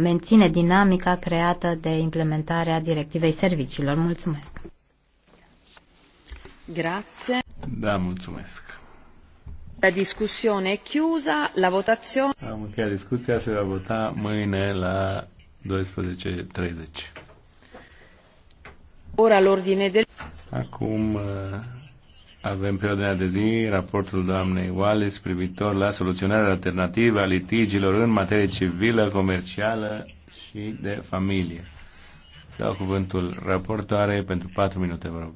menține dinamica creată de implementarea directivei serviciilor. Mulțumesc! Grazie. Da, mulțumesc. La discussione è chiusa, la votazione... Am încheiat discuția, se va vota mâine la 12.30. Ora l'ordine del... Acum avem pe ordinea de zi raportul doamnei Wallace privitor la soluționarea alternativă a litigiilor în materie civilă, comercială și de familie. Dau cuvântul raportoare pentru 4 minute, vă rog.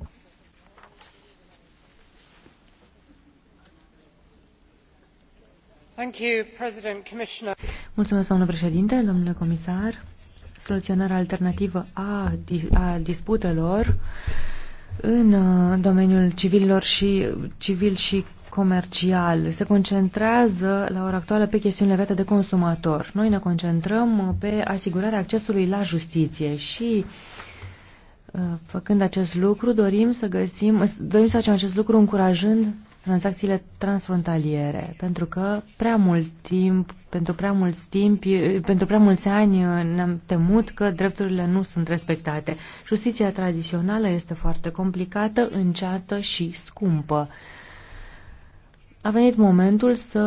Mulțumesc, domnule președinte, domnule comisar. Soluționarea alternativă a, a disputelor Uh, în domeniul civililor și civil și comercial se concentrează la ora actuală pe chestiuni legate de consumator. Noi ne concentrăm uh, pe asigurarea accesului la justiție și uh, făcând acest lucru dorim să găsim, dorim să facem acest lucru încurajând tranzacțiile transfrontaliere, pentru că prea mult timp, pentru prea mulți timp, pentru prea mulți ani ne-am temut că drepturile nu sunt respectate. Justiția tradițională este foarte complicată, înceată și scumpă. A venit momentul să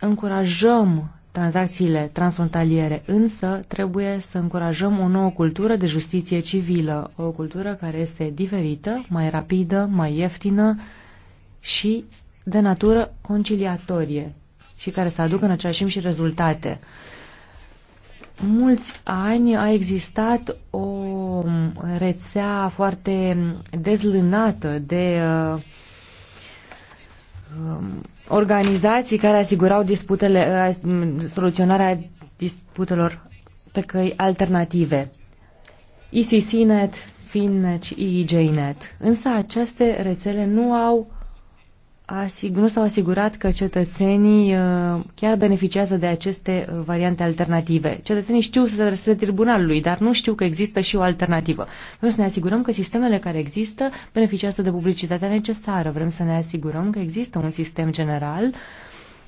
încurajăm tranzacțiile transfrontaliere, însă trebuie să încurajăm o nouă cultură de justiție civilă, o cultură care este diferită, mai rapidă, mai ieftină, și de natură conciliatorie și care să aducă în același timp și rezultate. Mulți ani a existat o rețea foarte dezlânată de uh, um, organizații care asigurau disputele, uh, soluționarea disputelor pe căi alternative. ECCNet, FinNet și EEJNet. Însă aceste rețele nu au asig- nu s-au asigurat că cetățenii uh, chiar beneficiază de aceste uh, variante alternative. Cetățenii știu să se adreseze tribunalului, dar nu știu că există și o alternativă. Vrem să ne asigurăm că sistemele care există beneficiază de publicitatea necesară. Vrem să ne asigurăm că există un sistem general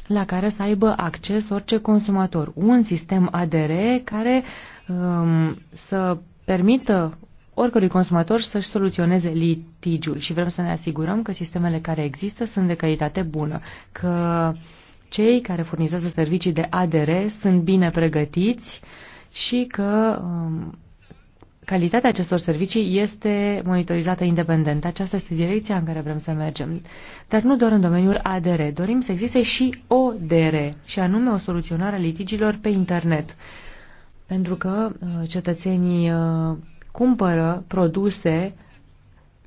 la care să aibă acces orice consumator. Un sistem ADR care um, să permită oricărui consumator să-și soluționeze litigiul și vrem să ne asigurăm că sistemele care există sunt de calitate bună, că cei care furnizează servicii de ADR sunt bine pregătiți și că um, calitatea acestor servicii este monitorizată independent. Aceasta este direcția în care vrem să mergem. Dar nu doar în domeniul ADR. Dorim să existe și ODR, și anume o soluționare a litigilor pe internet. Pentru că uh, cetățenii uh, cumpără produse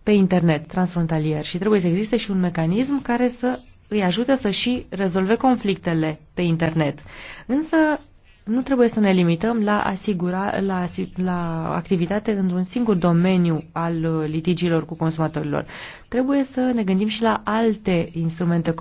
pe internet transfrontalier și trebuie să existe și un mecanism care să îi ajute să și rezolve conflictele pe internet. Însă nu trebuie să ne limităm la, asigura, la, la activitate într-un singur domeniu al litigiilor cu consumatorilor. Trebuie să ne gândim și la alte instrumente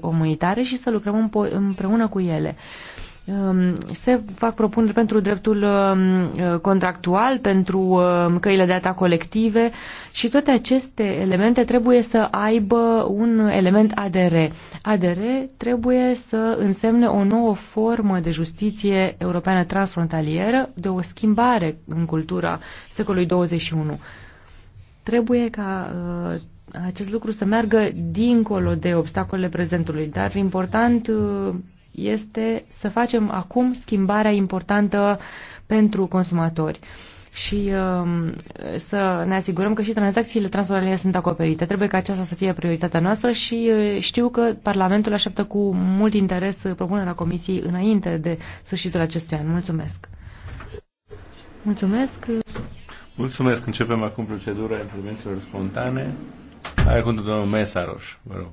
comunitare și să lucrăm împreună cu ele. Uh, Um, se fac propuneri pentru dreptul um, contractual, pentru um, căile de atac colective și toate aceste elemente trebuie să aibă un element ADR. ADR trebuie să însemne o nouă formă de justiție europeană transfrontalieră, de o schimbare în cultura secolului 21. Trebuie ca uh, acest lucru să meargă dincolo de obstacolele prezentului, dar important uh, este să facem acum schimbarea importantă pentru consumatori și uh, să ne asigurăm că și tranzacțiile transfrontaliere sunt acoperite. Trebuie ca aceasta să fie prioritatea noastră și uh, știu că Parlamentul așteaptă cu mult interes propunerea Comisiei înainte de sfârșitul acestui an. Mulțumesc! Mulțumesc! Mulțumesc! Începem acum procedura intervențiilor spontane. Hai cuvântul domnul Mesaroș, vă rog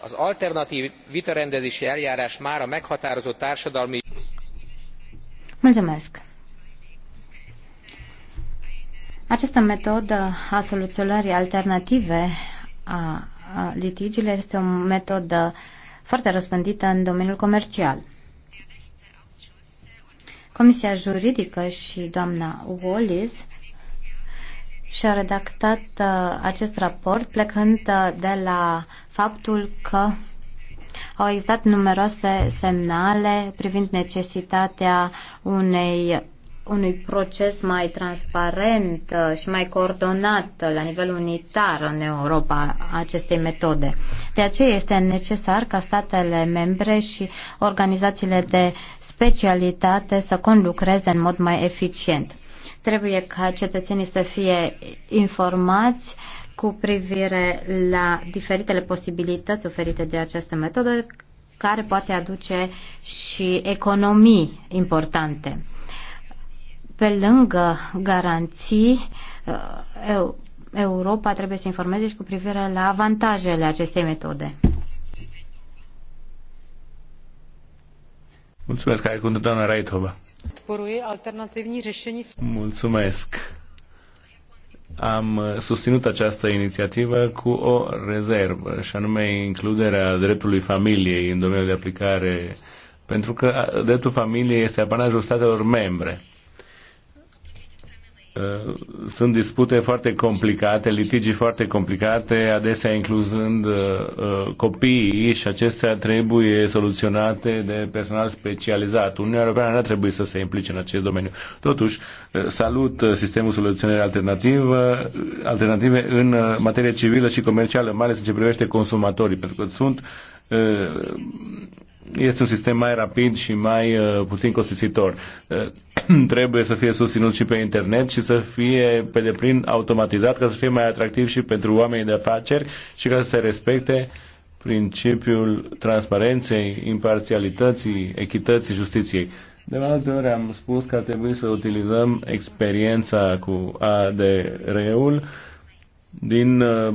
az alternatv vitarendezési eljárás mára meghatározott társadalmi. Mulțumesc. Această metodă a soluționării alternative a litigiilor este o metodă foarte răspândită în domeniul comercial. Comisia Juridică și doamna Wallis și a redactat uh, acest raport plecând uh, de la faptul că au existat numeroase semnale privind necesitatea unei unui proces mai transparent uh, și mai coordonat la nivel unitar în Europa acestei metode. De aceea este necesar ca statele membre și organizațiile de specialitate să conlucreze în mod mai eficient. Trebuie ca cetățenii să fie informați cu privire la diferitele posibilități oferite de această metodă, care poate aduce și economii importante. Pe lângă garanții, uh, Europa trebuie să informeze și cu privire la avantajele acestei metode. Mulțumesc, ai cuvântul doamna Raitova. Mulțumesc. Am uh, susținut această inițiativă cu o rezervă, și anume includerea dreptului familiei în domeniul de aplicare, pentru că uh, dreptul familiei este apanajul statelor membre Uh, sunt dispute foarte complicate, litigii foarte complicate, adesea incluzând uh, uh, copiii și acestea trebuie soluționate de personal specializat. Uniunea Europeană nu trebuie să se implice în acest domeniu. Totuși, salut sistemul soluționării alternativă, alternative în materie civilă și comercială, mai ales în ce privește consumatorii, pentru că sunt Eh, este un sistem mai rapid și mai uh, puțin costisitor. Uh, trebuie să fie susținut și pe internet și să fie pe deplin automatizat ca să fie mai atractiv și pentru oamenii de afaceri și ca să se respecte principiul transparenței, imparțialității, echității, justiției. De multe ori am spus că ar trebui să utilizăm experiența cu ADR-ul din uh,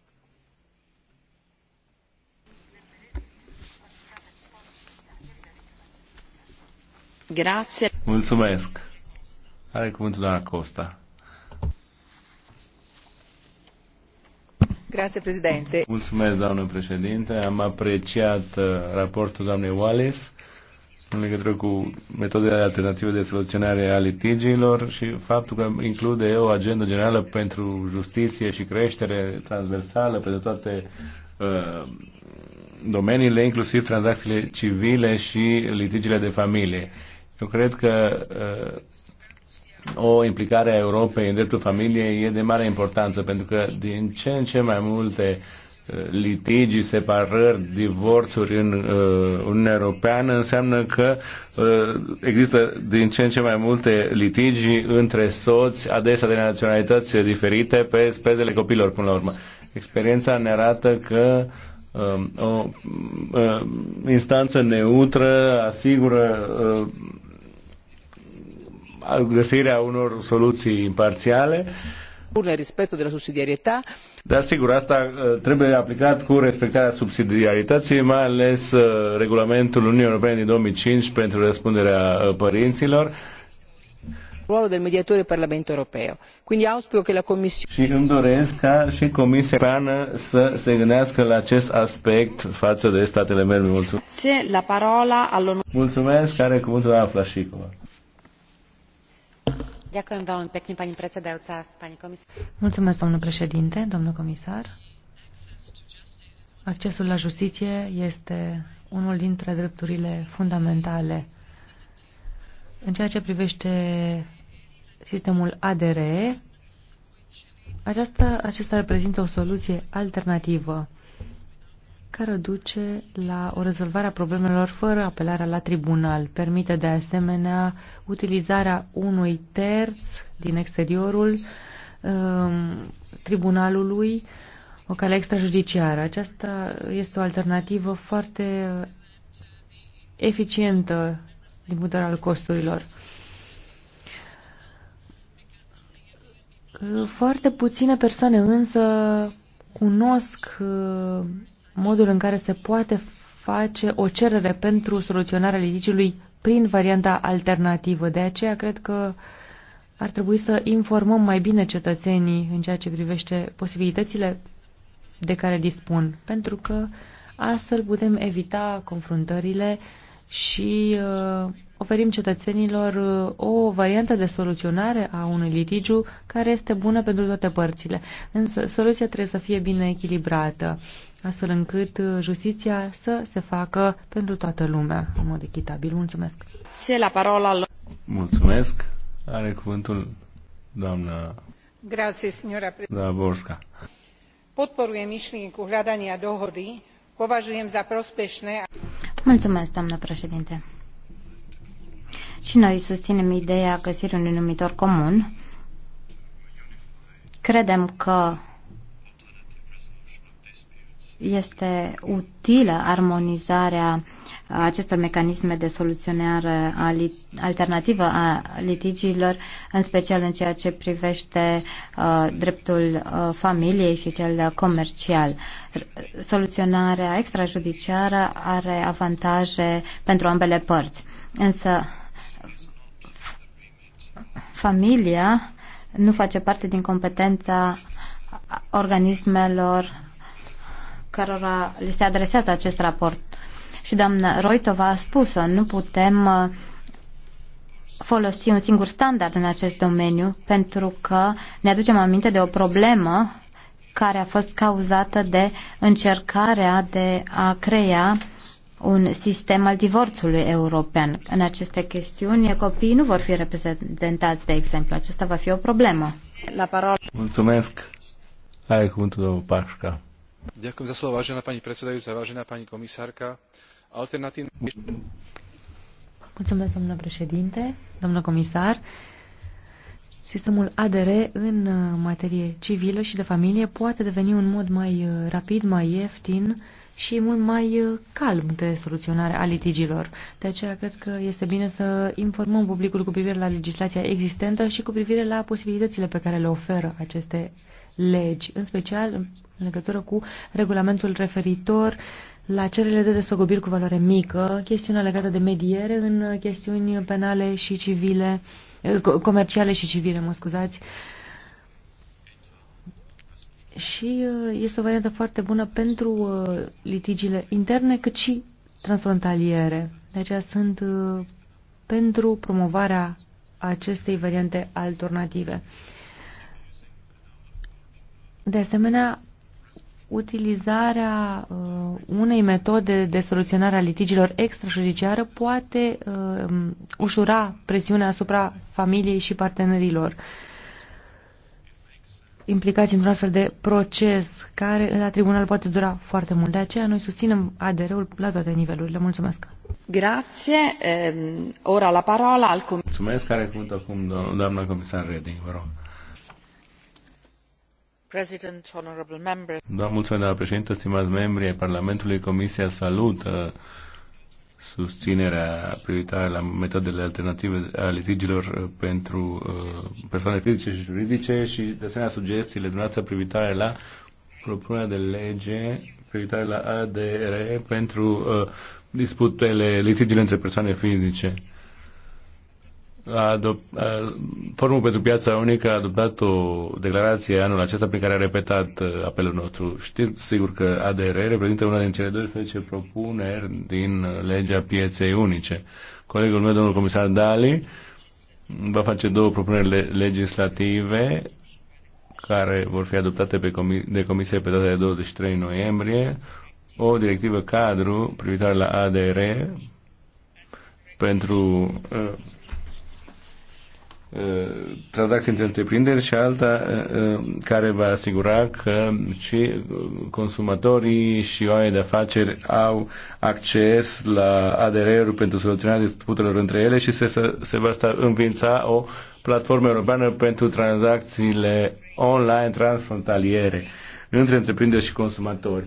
Grazie. Mulțumesc. Are cuvântul doamna Costa. Grazie, președinte. Mulțumesc, doamnă președinte. Am apreciat uh, raportul doamnei Wallace în legătură cu metodele alternative de soluționare a litigiilor și faptul că include o agendă generală pentru justiție și creștere transversală pentru toate uh, domeniile, inclusiv tranzacțiile civile și litigiile de familie. Eu cred că uh, o implicare a Europei în dreptul familiei e de mare importanță, pentru că din ce în ce mai multe uh, litigii, separări, divorțuri în uh, Uniunea Europeană înseamnă că uh, există din ce în ce mai multe litigii între soți, adesea de naționalități diferite, pe spezele copilor, până la urmă. Experiența ne arată că um, o um, instanță neutră asigură uh, găsirea unor soluții imparțiale. Pur respectul de la subsidiarietate. Dar sigur, asta uh, trebuie aplicat cu respectarea subsidiarității, mai ales uh, regulamentul Uniunii Europene din 2005 pentru răspunderea uh, părinților Rolul del mediatore Parlamento europeo. Quindi auspico che la Commissione. Și îmi doresc ca și Comisia Europeană să se gândească la acest aspect față de statele membre. Mulțumesc. Se la parola all'on. Mulțumesc, are cuvântul accesul la justiție este unul dintre drepturile fundamentale. În ceea ce privește sistemul ADR, aceasta, acesta reprezintă o soluție alternativă care duce la o rezolvare a problemelor fără apelarea la tribunal. Permite de asemenea utilizarea unui terț din exteriorul um, tribunalului, o cale extrajudiciară. Aceasta este o alternativă foarte eficientă din punct de vedere al costurilor. Foarte puține persoane însă cunosc uh, modul în care se poate face o cerere pentru soluționarea litigiului prin varianta alternativă. De aceea cred că ar trebui să informăm mai bine cetățenii în ceea ce privește posibilitățile de care dispun, pentru că astfel putem evita confruntările și uh, oferim cetățenilor uh, o variantă de soluționare a unui litigiu care este bună pentru toate părțile. Însă soluția trebuie să fie bine echilibrată astfel încât uh, justiția să se facă pentru toată lumea în mod echitabil. Mulțumesc! Se la parola Mulțumesc! Are cuvântul doamna Grazie, signora Da, Borska. Podporujem myšlienku hľadania dohody, považujem za prospešné. Mulțumesc, doamna președinte. Și noi susținem ideea găsirii unui numitor comun. Credem că este utilă armonizarea acestor mecanisme de soluționare alternativă a litigiilor, în special în ceea ce privește uh, dreptul uh, familiei și cel comercial. Soluționarea extrajudiciară are avantaje pentru ambele părți, însă familia nu face parte din competența organismelor cărora li se adresează acest raport. Și doamna Roitova a spus-o, nu putem uh, folosi un singur standard în acest domeniu pentru că ne aducem aminte de o problemă care a fost cauzată de încercarea de a crea un sistem al divorțului european. În aceste chestiuni, copiii nu vor fi reprezentați, de exemplu. Acesta va fi o problemă. La parol. Mulțumesc. Ai cuvântul, domnul Pașca. Mulțumesc, domnule președinte, domnule comisar. Sistemul ADR în uh, materie civilă și de familie poate deveni un mod mai uh, rapid, mai ieftin și mult mai uh, calm de soluționare a litigilor. De aceea cred că este bine să informăm publicul cu privire la legislația existentă și cu privire la posibilitățile pe care le oferă aceste legi, în special în legătură cu regulamentul referitor la cererile de despăgubiri cu valoare mică, chestiunea legată de mediere în chestiuni penale și civile, comerciale și civile, mă scuzați. Și uh, este o variantă foarte bună pentru uh, litigiile interne, cât și transfrontaliere. De aceea sunt uh, pentru promovarea acestei variante alternative. De asemenea, utilizarea uh, unei metode de soluționare a litigilor extrajudiciară poate uh, ușura presiunea asupra familiei și partenerilor implicați într-un astfel de proces care la tribunal poate dura foarte mult. De aceea noi susținem ADR-ul la toate nivelurile. Mulțumesc! Grazie. Ehm, ora la parola al Mulțumesc. Care cuvântă acum, doamna comisar Reding, vă rog. Da, doamna președintă, stimați membri ai Parlamentului, Comisia salută susținerea prioritară la metodele alternative a litigilor pentru uh, persoane fizice și juridice și, de asemenea, sugestiile dumneavoastră privitoare la propunerea de lege privitoare la ADR pentru uh, disputele, litigiile între persoane fizice a adop- a, Forumul pentru Piața Unică a adoptat o declarație anul acesta prin care a repetat apelul nostru. Știți sigur că ADR reprezintă una din cele 12 propuneri din legea pieței unice. Colegul meu, domnul comisar Dali, va face două propuneri legislative care vor fi adoptate pe comi- de comisie pe data de 23 noiembrie, o directivă cadru privitoare la ADR pentru uh, Uh, tranzacții între întreprinderi și alta uh, uh, care va asigura că și consumatorii și oamenii de afaceri au acces la ADR-uri pentru soluționarea disputelor între ele și se, se va sta, învința o platformă europeană pentru tranzacțiile online transfrontaliere între întreprinderi și consumatori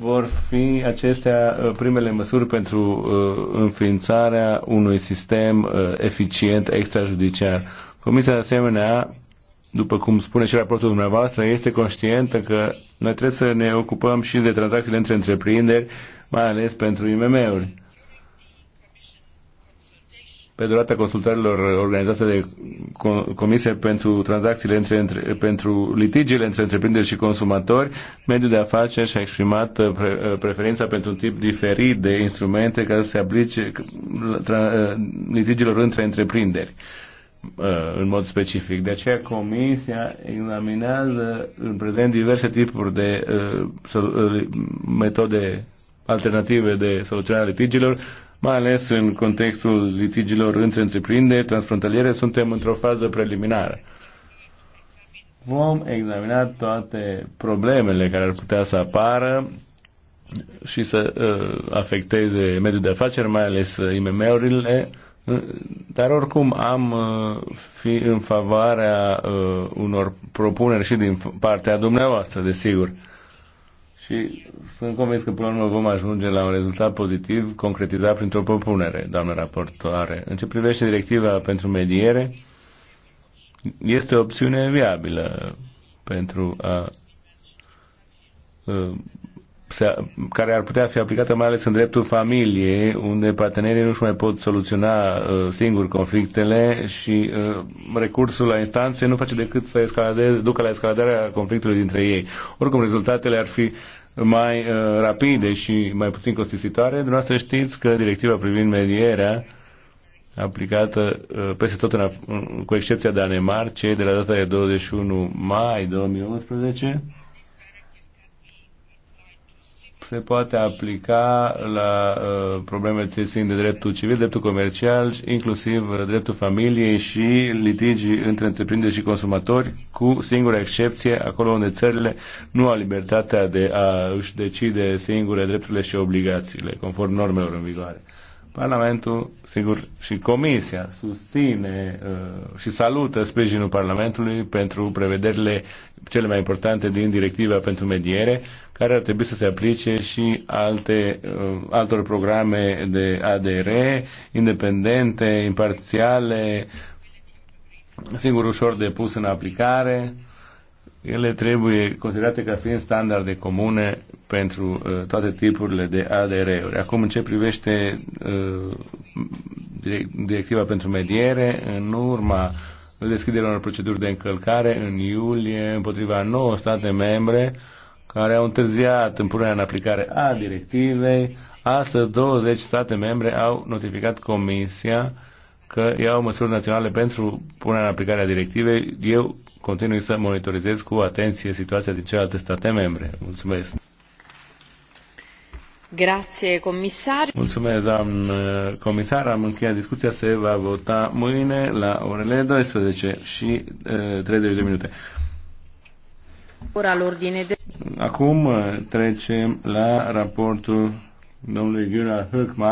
vor fi acestea uh, primele măsuri pentru uh, înființarea unui sistem uh, eficient extrajudiciar. Comisia, de asemenea, după cum spune și raportul dumneavoastră, este conștientă că noi trebuie să ne ocupăm și de tranzacțiile între întreprinderi, mai ales pentru IMM-uri pe durata consultărilor organizate de Comisia pentru tranzacțiile între, între, pentru litigiile între întreprinderi și consumatori, mediul de afaceri și-a exprimat uh, pre, uh, preferința pentru un tip diferit de instrumente care să se aplice uh, litigiilor între întreprinderi în mod specific. De aceea Comisia examinează în prezent diverse tipuri de metode alternative de soluționare a litigilor, mai ales în contextul litigilor între întreprinderi transfrontaliere, suntem într-o fază preliminară. Vom examina toate problemele care ar putea să apară și să uh, afecteze mediul de afaceri, mai ales uh, IMM-urile, uh, dar oricum am uh, fi în favoarea uh, unor propuneri și din partea dumneavoastră, desigur. Și sunt convins că până la urmă vom ajunge la un rezultat pozitiv concretizat printr-o propunere, doamnă raportoare. În ce privește directiva pentru mediere, este o opțiune viabilă pentru a uh, care ar putea fi aplicată mai ales în dreptul familiei, unde partenerii nu-și mai pot soluționa uh, singuri conflictele și uh, recursul la instanțe nu face decât să escaladeze, ducă la escaladarea conflictului dintre ei. Oricum, rezultatele ar fi mai uh, rapide și mai puțin costisitoare. Dumneavoastră știți că directiva privind medierea aplicată uh, peste tot, în, cu excepția Danemarcei, de la data de 21 mai 2011, se poate aplica la uh, probleme ce țin de dreptul civil, dreptul comercial, inclusiv uh, dreptul familiei și litigii între întreprinderi și consumatori, cu singura excepție acolo unde țările nu au libertatea de a își decide singure drepturile și obligațiile, conform normelor în vigoare. Parlamentul, sigur, și Comisia susține uh, și salută sprijinul Parlamentului pentru prevederile cele mai importante din Directiva pentru Mediere, care ar trebui să se aplice și alte, uh, altor programe de ADR, independente, imparțiale, sigur, ușor de pus în aplicare. Uh, ele trebuie considerate ca fiind standarde comune pentru uh, toate tipurile de ADR-uri. Acum, în ce privește uh, directiva pentru mediere, în urma deschiderea unor proceduri de încălcare în iulie împotriva 9 state membre care au întârziat în punerea în aplicare a directivei. Astăzi, 20 state membre au notificat Comisia că iau măsuri naționale pentru punerea în aplicare a directivei. Eu continui să monitorizez cu atenție situația din celelalte state membre. Mulțumesc! Grazie, comisar. Mulțumesc, doamnă comisar. Am încheiat discuția. Se va vota mâine la orele 12 și e, 30 de minute. Ora l'ordine de... Acum trecem la raportul domnului Gura Hökmark.